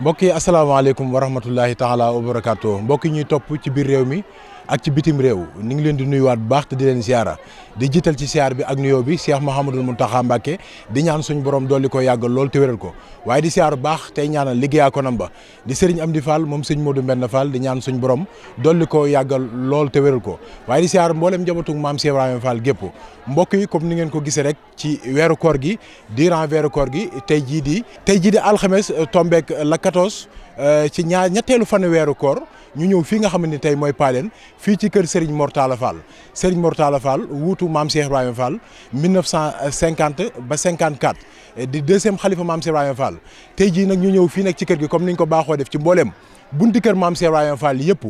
mbokk yi asalaamaaleykum wa rahmatullahi taala wa barakaatu mbokk yi ñuy topp ci biir réew mi ak ci bitim réew ni ngi leen di nuyuwaat bu baax te di leen siyaara di jiital ci siyaar bi ak nuyoo bi Cheikh mu Mountakha Mbacké di ñaan suñu borom dolli ko yàggal lool te wéral ko waaye di siyaar baax tey ñaanal liggéeyaa ko ba di Serigne Amdi Fall moom Serigne Modou Mbenn Fall di ñaan suñu borom dolli ko yàggal lool te wéral ko waaye di siyaar mboolem njabootu maam Cheikh Ibrahima Fall gépp mbokk yi comme ni ngeen ko gisee rek ci weeru koor gi durant weeru koor gi tey jii di tey jii di alxames tombeek la 14 Euh, ci ñaar ñetteelu fan weeru koor ñu ñëw fii nga xam ni tey mooy Paaleen fii ci kër Serigne Mortala Fall Serigne Mortala Fall wuutu maam Cheikh Ibrahima Fall 1950 ba 54 di deuxième xalifa maam Cheikh Ibrahima Fall tey jii nag ñu ñëw fi nag ci kër gi comme ñu ko baaxoo def ci mbooleem bunti kër maam Cheikh Ibrahima Fall yëpp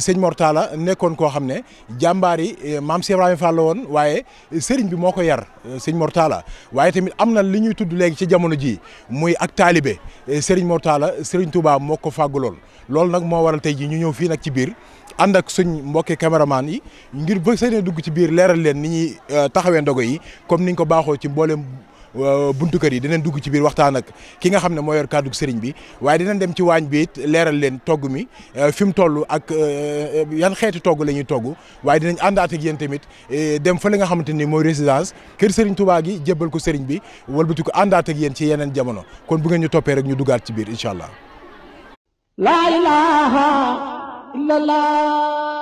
sëñ Mortala nekkoon koo xam ne jàmbaar yi eh, maam Cheikh Ibrahima Fall la woon waaye sëriñ bi moo ko yar eh, sëñ Mortala waaye tamit am na li ñuy tudd léegi ci jamono jii muy ak taalibe eh, sëriñ Mortala sëriñ Touba moo ko fàgguloon loolu nag moo waral tey jii ñu ñëw fii nag ci biir. ànd ak suñ mbokki caméraman yi ngir bëgg seen dugg ci biir leeral leen ni ñuy taxawee ndogo yi comme ñu ko baaxoo ci mboolem buntu kër yi dinañ dugg ci biir waxtaan ak ki nga xam ne moo yor kàddu sëriñ bi waaye dina dem ci waañ bi leeral leen togg mi euh, fi mu toll ak euh, euh, yan xeeti togg la ñuy togg waaye dinañ àndaat ak yéen tamit dem fa li nga xamante ni mooy résidence kër sëriñ Touba gi jébbal ko sëriñ bi walbatiku àndaat ak yéen ci yeneen jamono kon bu ngeen ñu toppee rek ñu duggaat ci biir incha allah. la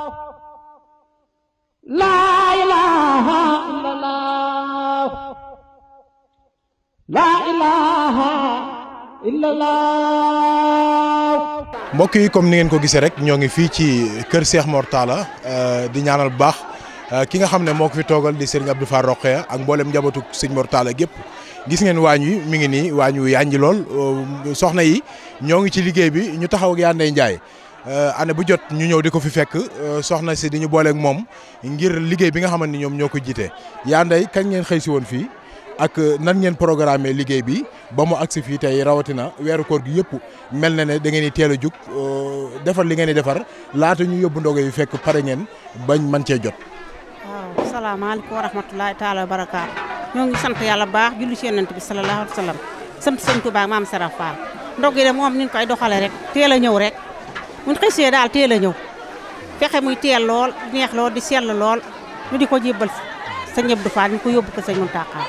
laa ilaaha illallah ilaaha illallah yi comme ni ngeen ko gisee rek ñoo ngi fii ci kër Cheikh mortala Talla euh, di ñaanal bu baax euh, ki nga xam ne moo ko fi toogal di Serigne Abdou Fall Rokhaya ak mboolem njabootu Serigne mortala Talla gépp gis ngeen waañ wi mi ngi nii waañ wi yànji lool euh, soxna yi ñoo ngi ci liggéey bi ñu taxaw ak Yandey Ndiaye Euh, année bu jot ñu ñëw di ko fi fekk euh, soxna si di ñu booleek moom ngir liggéey bi nga xaman ni ñoom ñoo ko jiite. yaa ndey kañ ngeen xëy si woon fii ak euh, nan ngeen programmé liggéey bi ba mu agsi fii tey rawatina weeru koor gi yëpp mel na ne dangeen ngeen di teel a jug defar li ngeen di defar laata ñu yóbbu ndogo yi fekk pare ngeen bañ man cee jot. waaw salaamaaleykum wa rahmatulahi taala wa barakaatu ñoo ngi sant yàlla baax julli ci yonent bi sallallahu alayhi wa sallam rek teel a ñëw rek. mun xisee daal teel a ñëw fexe muy teel lool neex lool di sell lool ñu di ko jébbal sa ñëb du faa ñu ko yóbbu ko sa ñun tàqaar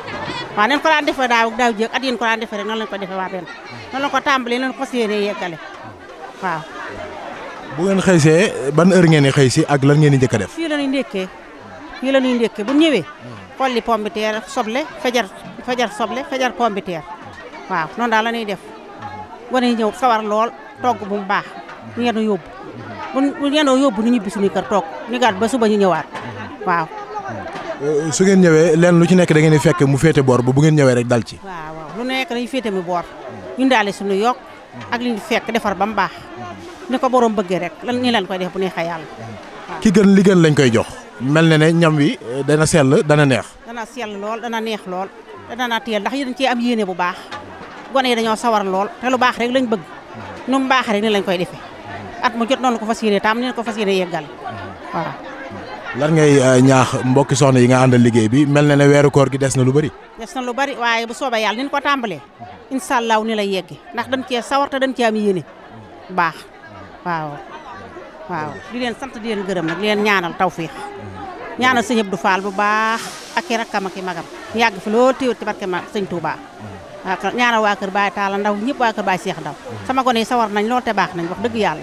waaw nañ ko daan defee daa daaw jéeg at yéen ko daan defee rek noonu lañ ko defee waa benn noonu lañ ko tàmbalee noonu fas yéene yeggale waaw bu ngeen xëysee ban heure ngeen di xëy si ak lan ngeen di njëkk a def fii la ñuy ndékkee fii la ñuy ndékkee bu ñëwee xolli pomme de terre soble fajar fajar soble fajar pomme de terre waaw noonu daal la def wane ñëw sawar lool togg bu baax ñu yenu yóbbu bu yenoo yóbbu ñu ñibbi suñu kër toog ñu gaat ba suba ñu ñëwaat waaw eh, su ngeen ñëwee leen lu ci nekk da ngeen di fekk mu féete boor ba bu ngeen ñëwee rek dal ci waaw waaw lu nekk dañu féete mu boor ñu daale suñu yokk ak lu ñu fekk defar ba mu baax ni ko boroom bëggee rek lan ni leen koy def bu neexee yàlla ki gën li gën lañ koy jox mel na ne ñam wi eh, dana sell dana neex dana sell lool dana neex lool dana teel ndax yéen ci am yéene bu baax gone yi dañoo sawar lool te lu baax rek lañ bëgg nu mu baax rek lañ koy defee at mu jot noonu ko fas yéene taam ne ko fas yéene yeggal waaw. lan ngay euh, ñaax mbokki soxna yi nga àndal liggéey bi mel na ne weeru koor gi des na lu bari. des na lu bari waaye bu soobee yàlla ni ñu ko tàmbalee incha allah ni lay yeggi ndax dañ cee sawar te dañ cee am yéene baax waaw. waaw di leen sant di leen gërëm na di ñaanal taw tawféex ñaanal sëñ du faal bu baax ak i rakkam ak i magam yàgg fi loolu téewat ci barke ma sëñ Touba. ñaanal waa kër Baye Talla Ndaw ñëpp waa kër Baye Cheikh Ndaw sama gone yi nañ lool te baax nañ wax dëgg yàlla.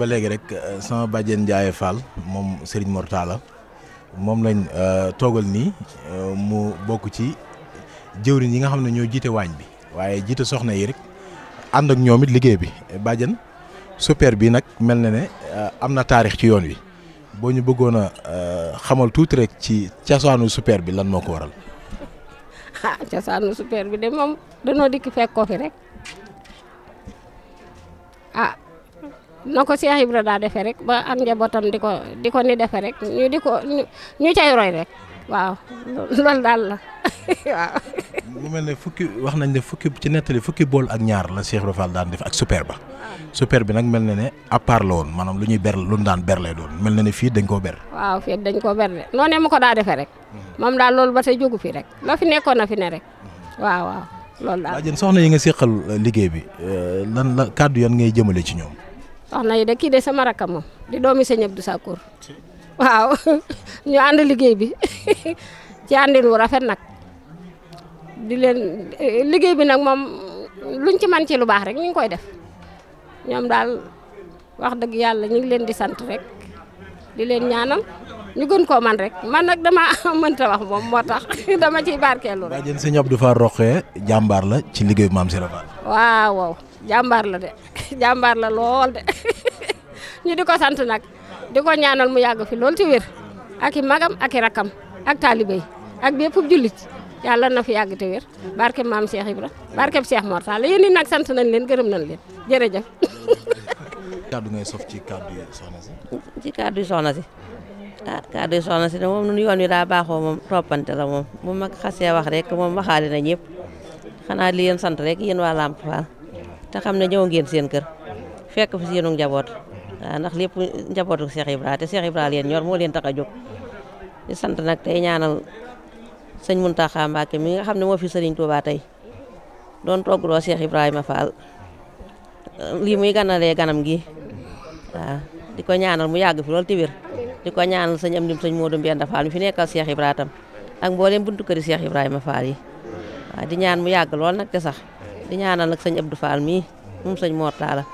ba léegi rek euh, sama bàjjen Ndiaye Fall moom Serigne Mortala moom lañ euh, toogal nii euh, mu bokk ci jëwriñ yi nga xam ne ñoo jiite waañ bi waaye jiite soxna yi rek ànd ak ñoom it liggéey bi bàjjan super bi nag mel na ne am na taarix ci yoon wi boo ñu bëggoon a xamal tuuti rek ci cosaanu super bi lan moo ko waral. ah cosaanu bi de moom danoo dikk fekk ko fi rek ah, na ko Cheikh Ibra daa defee rek ba am njabootam di ko di ko ni defee rek ñu di ko ñu cay roy rek waaw loolu daal la waaw. mu mel ne fukki wax nañ ne fukki ci nettali fukki bool ak ñaar la Cheikh Ibra Fall daan ak super ba. super bi nag mel na ne à woon maanaam lu ñuy ber lu daan ber lay doon mel na ne fii dañ koo ber. dañ koo ber de noonee mu ko daa defee rek. Hmm. moom daal loolu ba tey jógu fi rek la fi nekkoon na fi ne hmm. waaw loolu daal jën soxna yi nga seqal liggéey bi euh, lan la kàddu yoon ngay jëmale ci ñoom. soxna yi de kii de sama rakk moom di doomi sëñ sa Sakour waaw ñu ànd liggéey bi ci àndin wu rafet nag di leen eh, liggéey bi nag moom luñ ci man ci lu baax rek ñu ngi koy def ñoom daal wax dëgg yàlla ñu ngi leen di sant rek di leen ñaanam ñu gën koo man rek man nag dama mënta wax moom moo tax dama ciy barkeelu rek. bàjjen sëñ Abdou Fall Roqe jàmbaar la ci liggéey bu maam si waaw waaw jàmbaar la de. jàmbaar la lool de ñu di ko sant nag di ko ñaanal mu yàgg fi lool ci wér ak magam ak i rakkam ak taalibe ak bépp jullit yàlla na fi yàgg te wér barke maam Cheikh Ibra barke Cheikh Mor Sall yéen ñi nag sant nañ leen gërëm nañ leen jërëjëf. kàddu ngay ci kàddu yi soxna si. ci kàddu ah kàddu yi soxna de moom ñun yoon wi daa baaxoo moom toppante la moom bu mag xasee wax rek moom waxaale na ñëpp xanaa li yen sant rek yéen waa Lamp Fall te xam ne ñëw ngeen seen kër fekk fi seenu njaboot waaw ndax lépp njabootu Cheikh Ibra te Cheikh Ibra leen ñor moo leen tax a jóg sant nag ñaanal sëñ Mountakha Mbacké mi nga xam ne moo fi sëriñ Touba tey doon toggaloo Cheikh Ibrahima Fall lii muy ganalee ganam gi waaw di ko ñaanal mu yàgg fi loolu te wér di ko ñaanal sëñ am dim sëñ Modou Mbenda Fall mi fi nekkal Cheikh Ibra tam ak mboolem buntu këri Cheikh Ibrahima Fall yi di ñaan mu yàgg lool nag te sax di ñaanal nag sëñ du Fall mii moom sëñ Mor Talla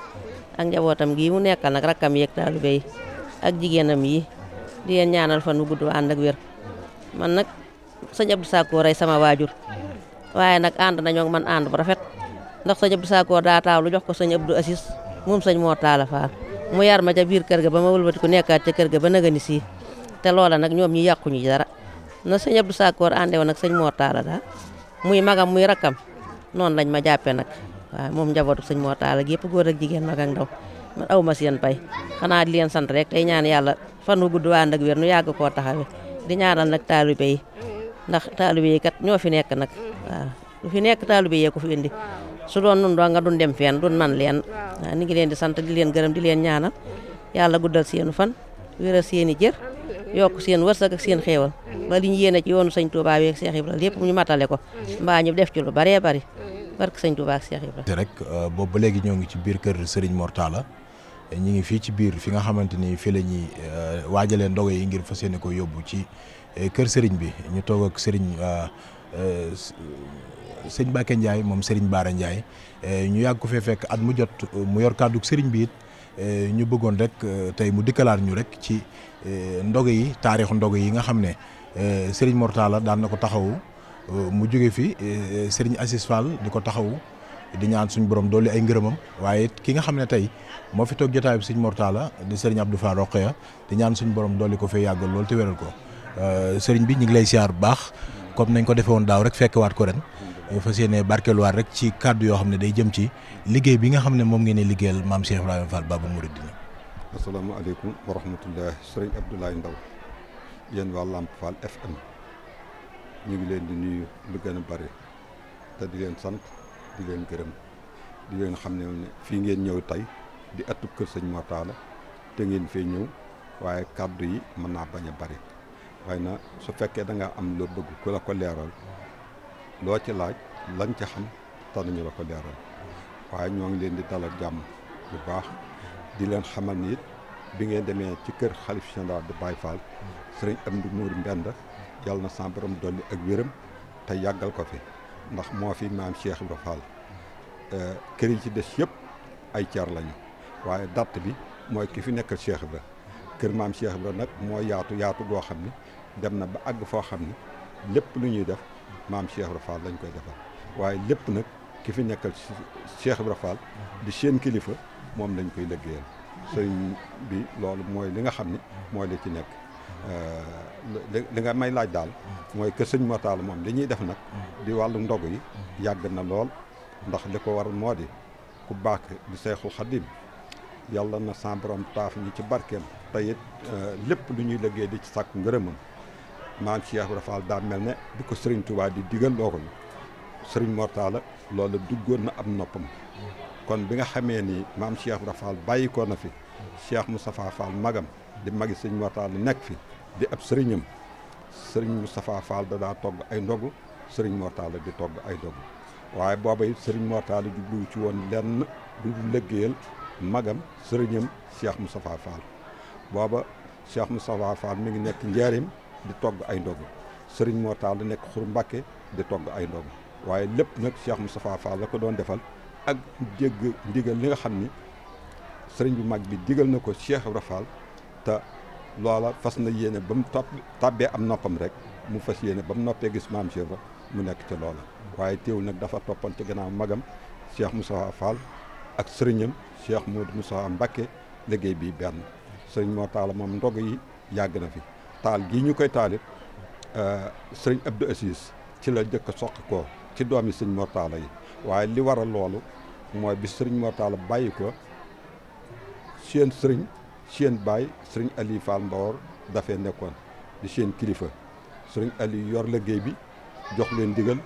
ak njabootam gii mu nekkal nag rakkam yeeg taalibe yi ak jigéenam yi di leen ñaanal fan wu gudd wa ànd ak wér man nag sëñ Abdou Sakkoor ay sama waajur waaye nag ànd nañoo man ànd bu rafet ndax sëñ Abdou Sakkoor daa taaw lu jox ko sëñ Abdou Assis moom sëñ Mor Talla Fall mu yar ma ca biir kër ga ba ma wëlbati ku nekkaat ca kër ga ba nagani sii te loola nag ñoom ñi yàquñu dara na sëñ Abdou Sakkoor àndewoon sëñ Mor Talla daal muy magam muy rakkam noonu lañ ma jàppee nag waaw moom njabootu sëñ Mor Talla ak góor ak jigéen mag ak ndaw man aw ma seen pay xanaa di leen sant rek tey ñaan yàlla fan wu gudd ànd ak wér nu yàgg koo taxawe di ñaanal nag taalibe yi ndax taalibe yi kat ñoo fi nekk nag waaw fi nekk taalibe yee ko fi indi su doon nun doo nga dun dem fenn dun man leen waaw ni ngi leen di sant di leen gërëm di leen ñaanal yàlla guddal seenu fan wéral seeni jër yokk seen war ak seen xéewal ba li ñu yéene ci yoonu sëñ Touba bi ak Cheikh lépp ñu matale ko mbaa ñu def ci lu baree bari barke sëñ Touba ak Cheikh Ibra te rek euh, boobu ba léegi ñoo ngi ci biir kër Serigne Mortala ñi ngi fii ci biir fi nga xamante ni fii la ñuy euh, waajalee ndogo yi ngir fas yéene yóbbu ci euh, kër Serigne bi ñu toog ak Serigne sëñ Bakke Ndiaye moom Serigne Baara Ndiaye ñu yàgg ku fee fekk at mu jot mu yor kàddu Serigne bi it ñu bëggoon rek tey mu dikkalaat ñu rek ci Eh, ndog yi taarixu ndog yi nga xam ne eh, Serigne Mortala daal na ko taxawu eh, mu jóge fi Serigne Assis Fall di ko taxawu di ñaan suñu borom dolli ay ngërëmam waaye ki nga xam ne tey moo fi toog jotaay bi Serigne Mortala di Serigne Abdou Fall Rokhaya di ñaan suñu borom dolli ko fee yàgg loolu te wéral ko Serigne bi ñu ngi lay siyaar bu baax comme nañ ko defee woon daaw rek fekkewaat ko ren. fas yéene barkeeluwaat rek ci kàddu yoo xam ne day jëm ci liggéey bi nga xam ne moom ngeen di liggéeyal maam Cheikh Ibrahima Fall asalaamaaleykum wa rahmatullah sëriñ Abdoulaye Ndaw yéen waa Lamp FM ñu ngi leen di nuyu lu gën a bari te di leen sant di leen gërëm di leen xam ne ne fii ngeen ñëw tey di ëttub kër sëñ Mortalla te ngeen fee ñëw waaye kàddu yi mën naa bañ a bari waaye na su fekkee da ngaa am loo bëgg ku la ko leeral loo ci laaj lañ ci xam te nañu la ko leeral waaye ñoo ngi leen di dalal jàmm bu baax di leen xamal ni it bi ngeen demee ci kër xalif général de Baye Fall sëriñ Amdi Nuur Mbenda yàlla na sa borom dolli ak wéram te yàggal ko fi ndax moo fi maam Cheikh Ibra Fall euh, kër ci des yëpp ay car lañu waaye date bi mooy ki fi nekkal Cheikh Ibra kër maam Cheikh nag moo yaatu yaatu goo xam ni dem na ba àgg foo xam ni lépp lu ñuy def maam Cheikh Ibra Fall lañ koy defal waaye lépp nag ki fi nekkal Cheikh Ibra Fall di seen kilifa moom lañ koy liggéeyal sëriñ bi loolu mooy li nga xam ni mooy li ci nekk euh, li nga may laaj daal mooy que sëñ Mortalla moom li ñuy def nag di wàllu ndogu yi yàgg na lool ndax li ko war moo di ku baax di Seexul Xadim yàlla na saa borom taaf ñi ci barkeem te it euh, lépp lu ñuy liggéey di ci sàkk ngërëmam maam Cheikh Ibra Fall daa mel ne bi ko sëriñ Touba di digal loo ko sëriñ Mortalla loolu duggoon na am noppam kon bi nga xamee ni maam Cheikh Ibra Fall bàyyi na fi Cheikh Moustapha Fall magam di magi sëñ Mortalla nekk fi di ab sëriñam sëriñ Moustapha Fall dadaa daa togg ay ndogu sëriñ Mortalla di togg ay ndogu waaye booba it sëriñ di jubluwu ci woon lenn du lëggéeyal magam sëriñam Cheikh mu Fall booba Cheikh Moustapha Fall mi ngi nekk njaarim di togg ay ndogu sëriñ Mortalla nekk Xuru Mbàkke di togg ay ndogu waaye lépp nag mu Moustapha Fall la ko doon defal ak dégg ndigal li nga xam ni sëriñ bu mag bi digal na ko Cheikh Ibra te loola fas na yéene ba mu topp tàbbee am noppam rek mu fas yéene ba mu noppee gis maam Cheikh ba mu nekk ci loola waaye teewul nag dafa toppante gannaaw magam mu Moustapha Fall ak sëriñam mu Cheikh Modou Moustapha Mbacké liggéey bi benn sëriñ moo taala moom ndog yi yàgg na fi taal gii ñu koy taalit euh, sëriñ Abdou Assis ci la jëkk soq koo ci doomi sëñ Mortalla yi waaye li waral loolu mooy bi sëriñ Mortalla bàyyi ko seen sëriñ seen baay sëriñ Aliou Fall Mbawor dafee nekkoon di seen kilifa sëriñ Aliou yor liggéey bi jox leen ndigal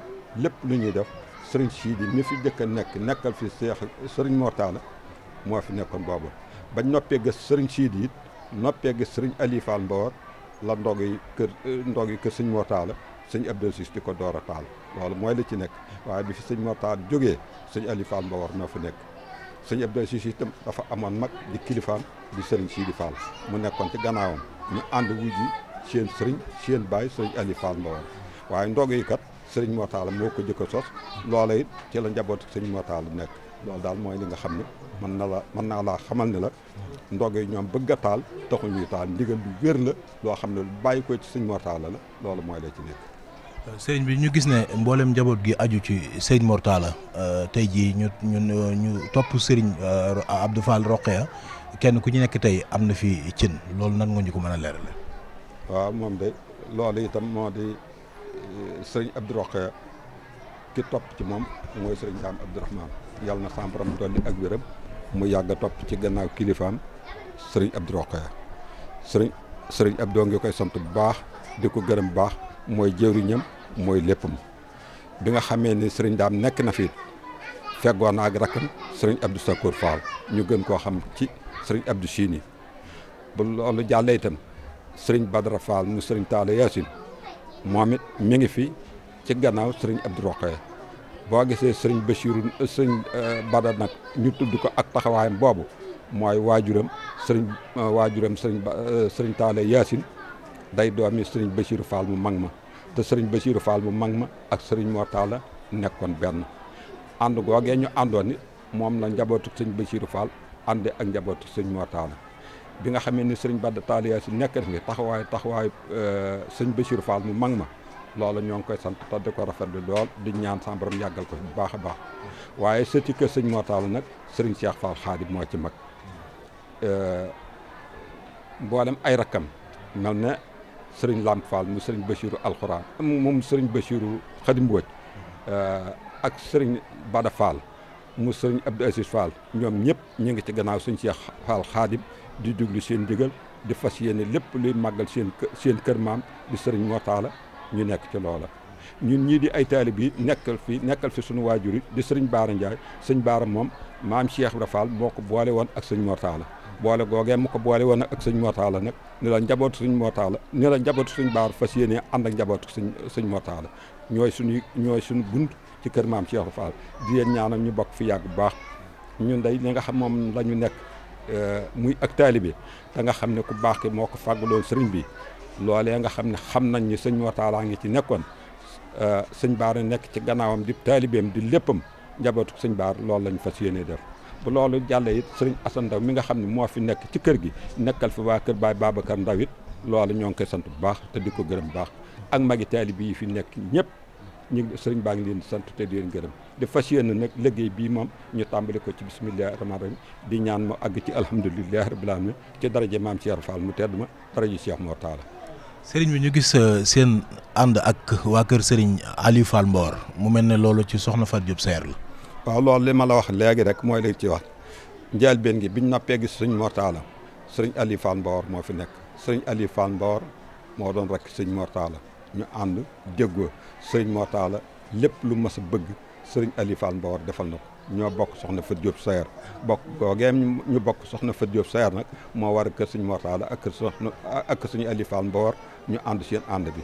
lépp lu ñuy def sëriñ Sidi ñu fi jëkk a nekk nekkal fi seex sëriñ Mortalla moo fi nekkoon boobu ba noppee gis sëriñ Sidi it noppee gis sëriñ Aliou Fall la ndog yi kër ndog yi kër sëñ Mortalla sëñ Abdou Ciss di ko door a taal loolu mooy li ci nekk waaye bi fi sëñ Mor Talla jógee sëñ ali Fall Mbawar noo fi nekk sëñ Abdou Ciss itam dafa amoon mag di kilifaam di sëriñ Sidi Fall mu nekkoon ci gannaawam ñu ànd wuj ji seen sëriñ seen baay sëriñ Aliou Fall Mbawar waaye ndog yi kat sëriñ Mor Talla moo ko jëkk a sos loola ci la njabootu sëñ Mor Talla nekk lool daal mooy li nga xam ne mën na la mën naa laa xamal ne la ndog yi ñoom bëgg a taal taxu ñuy taal ndigal lu wér la loo xam ne lu bàyyi ko ci sëñ Mor Talla la loolu mooy la ci nekk sëriñ bi ñu gis ne mbooleem njaboot gi aju ci sëriñ Mor Talla euh, tey jii ñu ñu ñu topp sëriñ euh, Abdou Fall Roqeya kenn ku ci nekk tey am na fi cin loolu nan nga ñu ko mën a leerale waaw moom de loolu itam moo di euh, sëriñ Abdou Roqeya ki topp ci moom mooy sëriñ Daam Abdourahman yàlla na samparam dolli ak wéram mu yàgg a topp ci gannaaw kilifaam sëriñ Abdou Roqeya sëriñ sëriñ Abdou ngi koy sont bu baax di ko gërëm bu baax mooy jëwriñam mooy léppam bi nga xamee ni sëriñ daam nekk na fi feggoon na ak rakkam sëriñ Abdou Sakour Fall ñu gën koo xam ci sëriñ Abdou Chini bu loolu jàllee itam sëriñ Badara Fall mu sëriñ Talla Yacine moom it mi ngi fi ci gannaaw sëriñ Abdou Roqee boo gisee sëriñ Bachirou sëriñ euh, Badara nag ñu tudd ko ak taxawaayam boobu mooy waajuram sëriñ euh, waajuram sëriñ euh, Talla Yacine day doomi sëriñ Bachirou Fall mu mag ma te sëriñ Bachirou Fall mu mag ma ak sëriñ Mortala nekkoon benn ànd googee ñu àndoon ni moom la njabootu sëñ Bachirou Fall ànde ak njabootu sëñ Mortala bi nga xamee ni sëriñ Badda Taaliya si nekk na fi taxawaay taxawaay euh, sëñ Bachirou Fall mu mag ma loola ñoo ngi koy sant te di ko rafetlu lool di ñaan sa borom yàggal ko bu baax a baax waaye sëti kër sëñ Mortala nag sëriñ Cheikh Fall Xaadim moo ci mag euh, mboolem ay rakkam sëriñ Lamp Fall mu sëriñ Bachirou alxuraan moom sëriñ Bachirou Xadim Mbodj eh, ak sëriñ Bada Fall mu sëriñ Abdou Aziz Fall ñoom ñëpp ñu ngi ci gannaaw suñ Seex Fall Xaadim di déglu seen ndigal di fas yéene lépp luy màggal seen seen kër maam di sëriñ Motaala ñu nekk ci loola. ñun ñii di ay taalib yi nekkal fi nekkal fi suñu waajur yi di sëriñ Baara Ndiaye sëñ Baara moom maam Cheikh Ibra Fall moo ko boole woon ak sëñ Motaala. boole googee mu ko boole woon ak sëñ mootaala nag ni la njabootu suñ mootaala ni la njabootu suñ baar fas yéene ànd ak njabootu suñ suñ mootaala ñooy suñuy ñooy suñ bunt ci kër maam ci Cheikh Fall di leen ñaanal ñu bokk fu yàgg bu baax ñu day li nga xam moom lañu ñu nekk euh, muy ak taalibe da nga xam ne ku baax ki moo ko fàggaloo sëriñ bi loolee nga xam ne xam nañ ni sëñ mootaala ngi ci nekkoon euh, sëñ baar nekk ci gannaawam di taalibeem di léppam njabootu sëñ baar loolu lañu fas yéene def bu loolu jàllee it sëriñ Assane Ndaw mi nga xam ne moo fi nekk ci kër gi nekkal fi waa kër Baay Babacar Ndaw it loolu ñoo ngi koy sant bu baax te di ko gërëm baax ak magi taalibe yi fi nekk ñëpp ñu sëriñ baa ngi leen di sant te di leen gërëm di fas yéene nag liggéey bii moom ñu tàmbali ko ci bisimilah rahmaani rahim di ñaan mu àgg ci alhamdulilah rabbil alamin ci daraje maam Cheikh Fall mu tedd ma daraje Cheikh Mor Talla. sëriñ bi ñu gis euh, seen ànd ak waa kër sëriñ Aliou mu mel ne loolu ci soxna Fatou Diop Seer la. waaw loolu li ma la wax léegi rek mooy li ci wax njëlbéen gi bi biñ noppee gis sëñ Mortalla sëriñ Aliou Fall Mbawor moo fi nekk sëriñ Aliou Fall Mbawor moo doon rek sëñ Mortalla ñu ànd déggoo sëriñ Mortalla lépp lu mas bëgg sëriñ Aliou Fall Mbawor defal na ko ñoo bokk soxna Fat Diop Sayer bokk googee ñu bokk soxna Fat Diop Sayer nag moo war kër sëñ Mortalla ak kër soxna ak kër sëñ Aliou Fall Mbawor ñu ànd seen ànd bi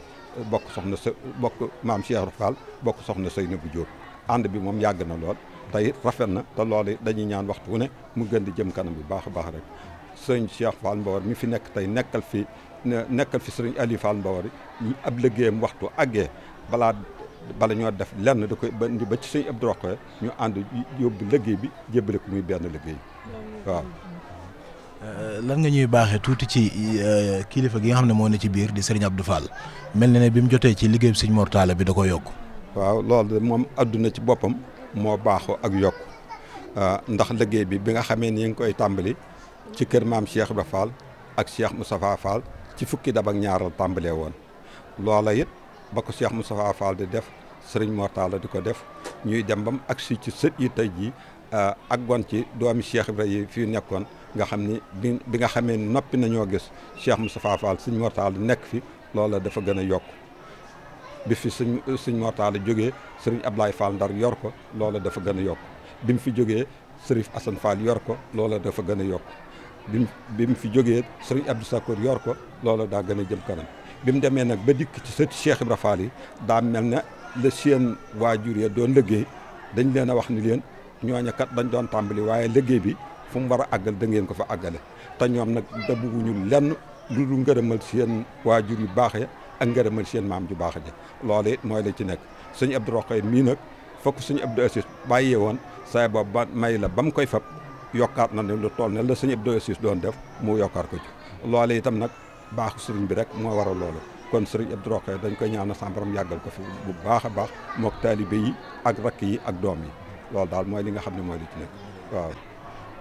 bokk soxna sa bokk maam Cheikh Fall bokk soxna Seynabou Diop ànd bi moom yàgg na lool tey rafet na te loolu dañuy ñaan waxtu wu ne mu gën di jëm kanam bu baax a baax rek sëñ Cheikh Fall Mbawar mu fi nekk tey nekkal fi nekkal fi sëriñ Aliou Fall ab liggéeyam waxtu àggee balaa bala ñoo def lenn da koy ba ci sëñ Abdou Rokhaya ñu ànd yóbbu liggéey bi jébbale ko benn liggéey waaw. Euh, lan nga ñuy baaxee tuuti ci euh, kilifa gi nga xam ne moo ne ci biir di sëriñ Abdou mel na ne bi mu jotee ci liggéey bi sëñ Mortala bi da ko yokk. waaw loolu moom adduna ci boppam moo baaxoo ak yokk euh, ndax liggéey bi bi nga xamee ni ñu ngi koy tàmbali ci kër maam Cheikh Ibra Fall ak Cheikh Moustapha Fall ci fukki dab ak ñaaral tàmbalee woon loola it ba ko Cheikh Moustapha Fall di def sëriñ Mortalla di ko def ñuy dem bam ak si ci sët yi tey jii euh, ak gon ci doomi Cheikh Ibra yi fii nekkoon nga xam ni bi bi nga xamee noppi ñoo gis Cheikh Moustapha Fall sëriñ Mortalla nekk fi loola dafa gën a yokk bi fi suñ suñ mortaale jóge sëriñ Ablaye Fall Ndar yor ko loola dafa gën a yokk bi mu fi jógee sërif Assane Fall yor ko loola dafa a yokk bi bi mu fi jógee sëriñ Abdou Sakkour yor ko loola daa gën a jëm kanam bi mu demee nag ba dikk ci sëti Cheikh Ibra Fall yi daa mel ne la seen waajur ya doon liggéey dañ leen a wax ni leen ñooñu kat dañ doon tàmbali waaye liggéey bi fu mu war a àggal da ngeen ko fa àggale te ñoom nag da bëgguñu lenn lu du ngërëmal seen waajur yu baax ya ak ngërëmal seen maam ju baax ja loolu it mooy la ci nekk sëñ Abdou Rokhaya mii nag fokk suñu Abdou Assis bàyyee woon saay boobu ba may la ba mu koy fab yokkaat na ne lu tool ne la sëñ Abdou Assis doon def mu yokkaat ko ci loolu itam nag baaxu sëriñ bi rek moo waral loolu kon sëriñ Abdou Rokhaya dañ koy ñaanal sama borom yàggal ko fi bu baax a baax mook taalibe yi ak rakk yi ak doom yi loolu daal mooy li nga xam ne mooy li ci nekk waaw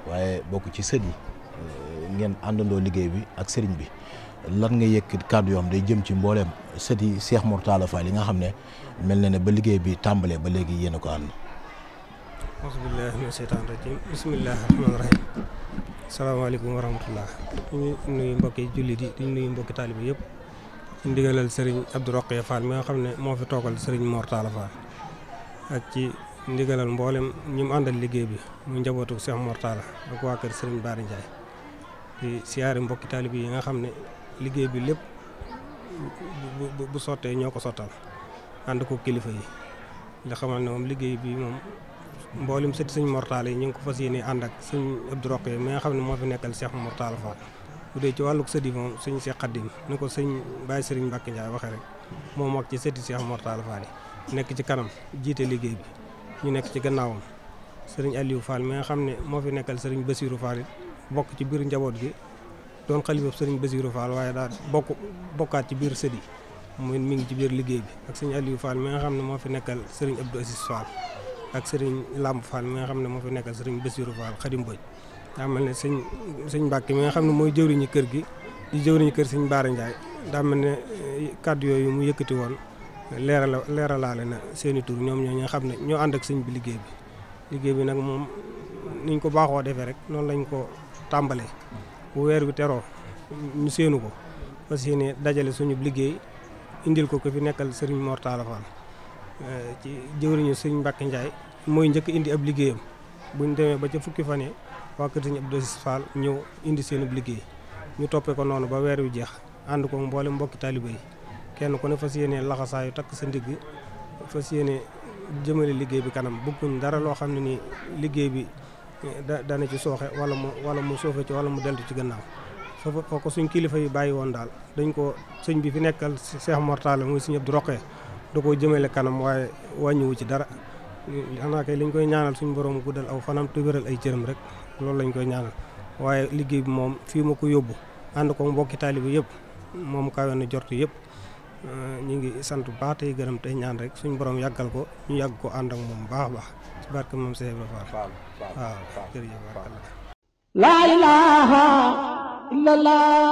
waaye bokk ci sët yi ngeen àndandoo liggéey bi ak sëriñ bi lan nga yëkk kàddu yoom day jëm ci mbooleem sëti Cheikh Mourtala Fall yi nga xam ne mel na ne ba liggéey bi tàmbalee ba léegi yéen ko ànd. alhamdulilah mina seytaan rajim salaamaaleykum wa rahmatullah ñu nuyu mbokki jullit yi di nuyu sëriñ Abdou mi nga xam ne moo fi toogal sëriñ Mourtala Fall ak ci ndigalal mboolem ñi mu àndal liggéey bi mu njabootu Cheikh Mourtala ak waa kër sëriñ Baari Ndiaye di siyaare mbokki taalibe yi nga xam ne liggéey bi lépp bu bu sottee ñoo ko sottal ànd ko kilifa yi nga xamal ne moom liggéey bi moom mboolem sët sëñ mortaal yi ñu ngi ko fas yéene ànd ak sëñ Abdou nga xam ne moo fi nekkal Cheikh Mortaal Fall bu dee ci wàllug sët yi moom sëñ Cheikh ko sëñ Baye Serigne Mbacke Ndiaye waxee rek moo ci sëti Cheikh Mortaal Fall yi nekk ci kanam jiite liggéey bi ñu nekk ci gannaawam sëriñ Aliou Fall xam ne moo fi nekkal sëriñ Bassirou Fall it bokk ci biir njaboot gi doon xalifa sëriñ Basirou Fall waaye daal bokk bokkaat ci biir sët yi muy mi ngi ci biir liggéey bi ak sëñ Aliou Fall mi nga xam ne moo fi nekkal sëriñ Abdou Aziz Fall ak sëriñ Lamb Fall mi nga xam ne moo fi nekkal sëriñ Basirou Fall Xadim Mbodj daa mel ne sëñ sëñ Mbàkke mi nga xam ne mooy jëwriñu kër gi di jëwriñu kër sëñ Baara Ndiaye daa mel ne eh, kàddu yooyu mu yëkkati woon leeral leeralaale na seeni tur ñoom ñoo ñoo xam ne ñoo ànd ak sëñ bi liggéey bi liggéey bi nag moom niñ ko baaxoo defee rek noonu lañ ko tàmbalee bu weer wi teroo ñu séenu ko fas yéene dajale suñu liggéey indil ko ko fi nekkal sëriñ Mor Talla Fall euh, ci jëwriñu sëriñ Mbacke Ndiaye mooy njëkk indi ab liggéeyam buñ demee ba ca fukki fan yi waa kër sëriñ Abdou Aziz Fall ñëw indi seen ab liggéey ñu toppee ko noonu ba weer wi jeex ànd ko mboole mbokki taaliba yi kenn ku ne fas yéene laxasaayu takk sa ndigg fas yéene jëmale liggéey bi kanam bëgguñ dara loo xam ne nii liggéey bi da dana ci sooxe wala mu wala mu soofe ci wala mu deltu ci gannaaw foofu ko suñ kilifa yi bàyyi woon daal dañ koo sëñ bi fi nekkal Cheikh Mortale muy sëñ Abdou Rokhaya da koo jëmale kanam waaye wàññiwu ci dara xanaa kay liñ koy ñaanal suñ borom guddal aw fanam tubéral ay cëram rek loolu lañ koy ñaanal waaye liggéey bi moom fii ma ko yóbbu ànd ko mbokki taaliba yëpp moom kawe na jort yëpp Euh, ñu ngi sant bu baax tey gërëm tey ñaan rek suñ borom yàggal ko ñu yàgg ko ànd ak moom baax baax ci barke moom Seex Ibra laa ilaaha illallah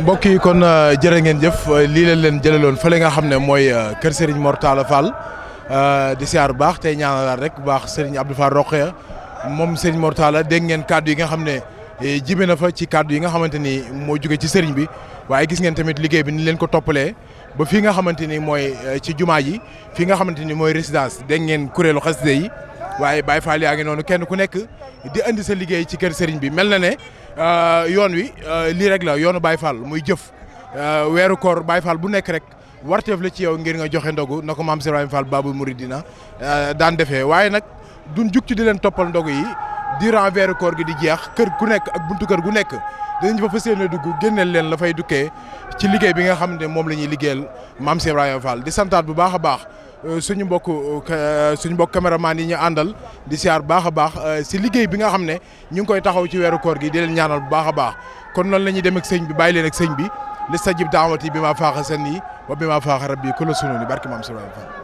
mbokk yi kon euh, jërë ngeen jëf lii leen leen jëlaloon fële nga xam ne mooy euh, kër Serigne Mor Talla Fall euh, di siyaar bu baax tey ñaanalaat rek bu baax Serigne Abdou Fall Rokhaya moom Serigne mortala Talla dégg ngeen kàddu yi nga xam ne e, jibe na fa ci kàddu yi nga xamante ni moo jóge ci Serigne bi waaye gis ngeen tamit liggéey bi ni leen ko toppalee ba fii nga xamante ni mooy e, ci jumaa ji fii nga xamante ni mooy résidence dégg ngeen kuréelu xaside yi. waaye baay Fall yaa ngi noonu kenn ku nekk di indi sa liggéey ci kër sëriñ bi mel na ne euh, yoon wi euh, lii rek la yoonu Baye Fall muy jëf euh, weeru koor Baye Fall bu nekk rek warteef la ci yow ngir nga joxe ndogu na ko maam Serigne Fall Babou Mouridina daan defee waaye nag duñ jug di leen toppal yi durant weeru koor gi di jeex kër gu nekk ak buntu kër gu nekk dinañ fa fas dugg génneel leen la fay dukkee ci liggéey bi nga xam ne moom la ñuy liggéeyal maam Serigne Fall di santaat bu baax a baax. Euh, suñu mbokk euh, euh, suñu mbokk caméraman yi ñu àndal di siyaar baax a baax si liggéey bi nga xam ne ñu ngi koy taxaw ci weeru koor gi di leen bu baax a baax kon noonu la ñu dem ak sëñ bi bàyyi leen ak sëñ bi li stajib daawati bi maa faaxa seen yi wa bi maa faaxa rabbi la sununi barki maam Sëriñ Fall